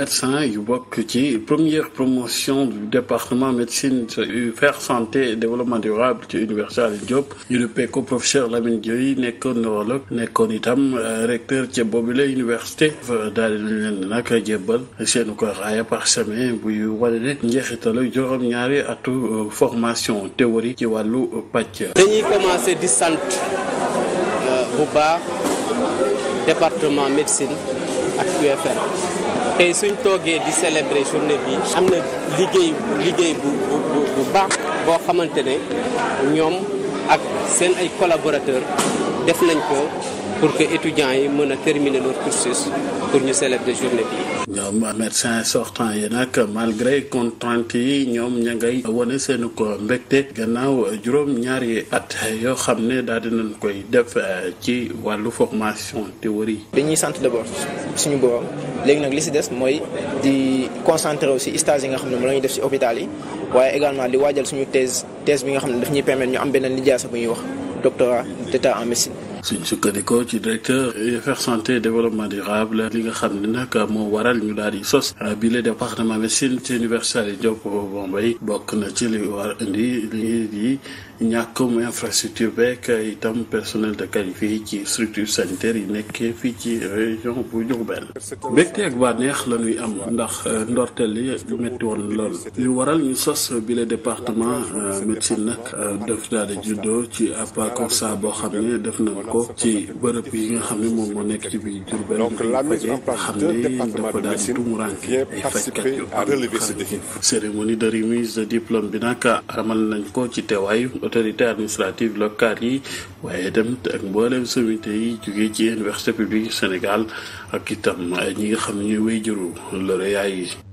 médecins yu bokk ci première promotion du département médecine faire santé développement durable ci université Alioune Diop ñu duppee ko professeur Lamine Dieye nekkoon neurologue nekkoon itam euh, recteur ca boobule université daal na leen nag jébbal seen ko raaya par semaine buy wane ne njeexitalu juróom-ñaari atu euh, formation théorie ci wàllu pàcc. dañuy commencé di euh, bu baax département médecine ak UFR. tey suñ toogee di célébrer journée bi am na liggéey liggéey bu bu bu baax boo xamante ne ñoom ak seen ay collaborateurs def nañ ko. pour que étudiants yi mën a terminer leur cursus pour ñu célébrer journée bi. ñoom médecins sortants yi nag malgré contraintes yi ñoom ña ngay wane seen ko mbégte gannaaw juróom ñaari at yoo xam ne daal dinañ koy def euh, ci wàllu formation théorie. dañuy sant d'abord suñu borom léegi nag li si des mooy di concentrer aussi stage yi nga xam ne moom la ñuy def si hôpital yi waaye également di waajal suñu thèse thèse bi nga xam ne daf ñuy permettre ñu am beneen lijaasa bu ñuy wax doctorat d'état en médecine. su suñ ko ci directeur des affaires santé et développement durable li nga xam ne nag moo waral ñu daal di sos bi le département médecine ci université Diop Bombay bokk na ci li war indi li di ñàkkum infrastructure beek itam personnel de qualifié ci structure sanitaire yi nekkee fii ci région bu Diourbel mbégte ak bànneex la ñuy am ndax ndorteel li métti woon lool li waral ñu sos bi le département euh, médecine nag euh, def daal di ci ab constat boo xam ne ko ci bërëb yi nga xam ne moom moo nekk ci biir Diourbel. donc la mise en place de département de médecine vient participer à relever ce défi. cérémonie de remise de diplôme bi nag amal nañ ko ci teewaayu autorité administrative locale yi waaye dem ak mbooleem sommité yi jógee ci université publique Sénégal ak itam ñi nga xam ne ñooy wéy juru